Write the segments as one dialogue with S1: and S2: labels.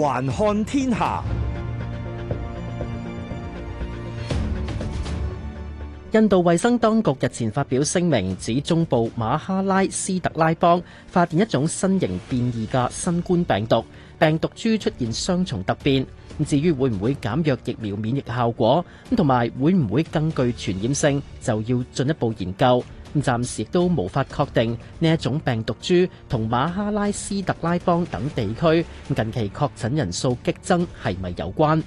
S1: 環看天下，印度衛生當局日前發表聲明，指中部馬哈拉斯特拉邦發現一種新型變異嘅新冠病毒，病毒株出現雙重突變。咁至於會唔會減弱疫苗免疫效果，咁同埋會唔會更具傳染性，就要進一步研究。咁暫時都無法確定呢一種病毒株同馬哈拉斯特拉邦等地區近期確診人數激增係咪有關。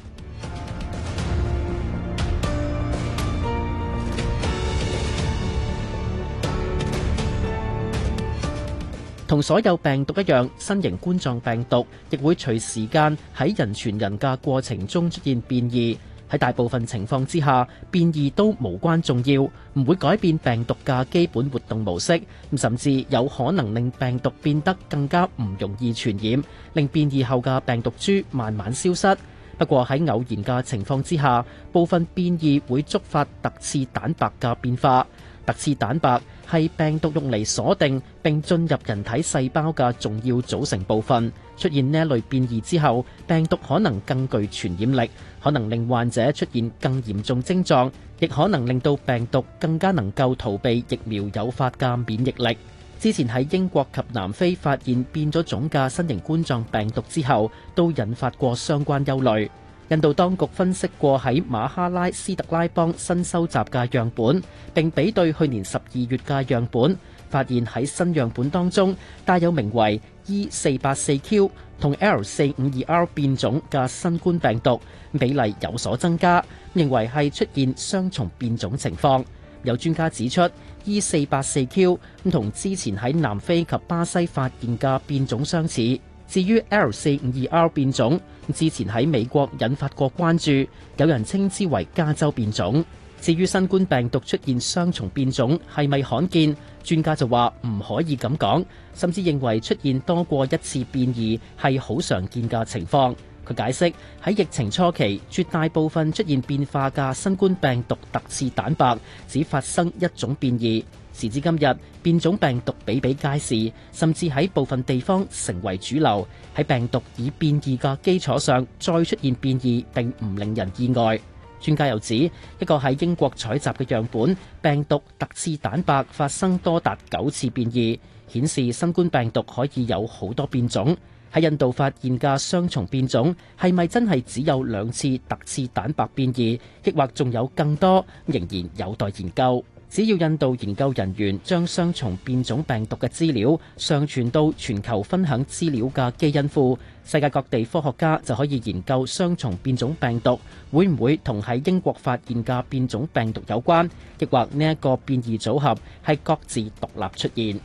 S1: 同所有病毒一樣，新型冠狀病毒亦會隨時間喺人傳人嘅過程中出現變異。喺大部分情況之下，變異都無關重要，唔會改變病毒嘅基本活動模式，咁甚至有可能令病毒變得更加唔容易傳染，令變異後嘅病毒株慢慢消失。不過喺偶然嘅情況之下，部分變異會觸發突刺蛋白嘅變化。刺蛋白係病毒用嚟鎖定並進入人體細胞嘅重要組成部分。出現呢類變異之後，病毒可能更具傳染力，可能令患者出現更嚴重症狀，亦可能令到病毒更加能夠逃避疫苗誘發嘅免疫力。之前喺英國及南非發現變咗種嘅新型冠狀病毒之後，都引發過相關憂慮。印度當局分析過喺馬哈拉斯特拉邦新收集嘅樣本，並比對去年十二月嘅樣本，發現喺新樣本當中帶有名為 E484Q 同 L452R 變種嘅新冠病毒比例有所增加，認為係出現雙重變種情況。有專家指出，E484Q 同之前喺南非及巴西發現嘅變種相似。至於 L 四五二 R 變種，之前喺美國引發過關注，有人稱之為加州變種。至於新冠病毒出現雙重變種係咪罕見，專家就話唔可以咁講，甚至認為出現多過一次變異係好常見嘅情況。佢解釋喺疫情初期，絕大部分出現變化嘅新冠病毒突刺蛋白只發生一種變異。時至今日，變種病毒比比皆是，甚至喺部分地方成為主流。喺病毒已變異嘅基礎上再出現變異並唔令人意外。專家又指，一個喺英國採集嘅樣本病毒突刺蛋白發生多達九次變異，顯示新冠病毒可以有好多變種。喺印度發現嘅雙重變種係咪真係只有兩次突刺蛋白變異，抑或仲有更多，仍然有待研究。只要印度研究人員將雙重變種病毒嘅資料上傳到全球分享資料嘅基因庫，世界各地科學家就可以研究雙重變種病毒會唔會同喺英國發現嘅變種病毒有關，亦或呢一個變異組合係各自獨立出現。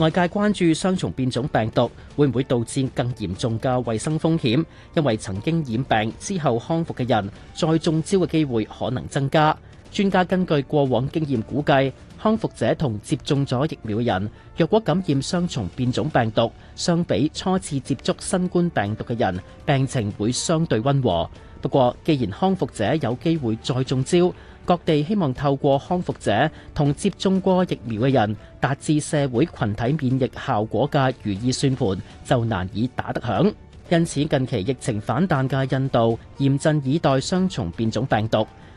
S1: 外界關注雙重變種病毒會唔會導致更嚴重嘅衛生風險，因為曾經染病之後康復嘅人，再中招嘅機會可能增加。專家根據過往經驗估計，康復者同接種咗疫苗嘅人，若果感染雙重變種病毒，相比初次接觸新冠病毒嘅人，病情會相對溫和。不過，既然康復者有機會再中招，各地希望透過康復者同接種過疫苗嘅人達至社會群體免疫效果嘅如意算盤就難以打得響。因此，近期疫情反彈嘅印度嚴陣以待雙重變種病毒。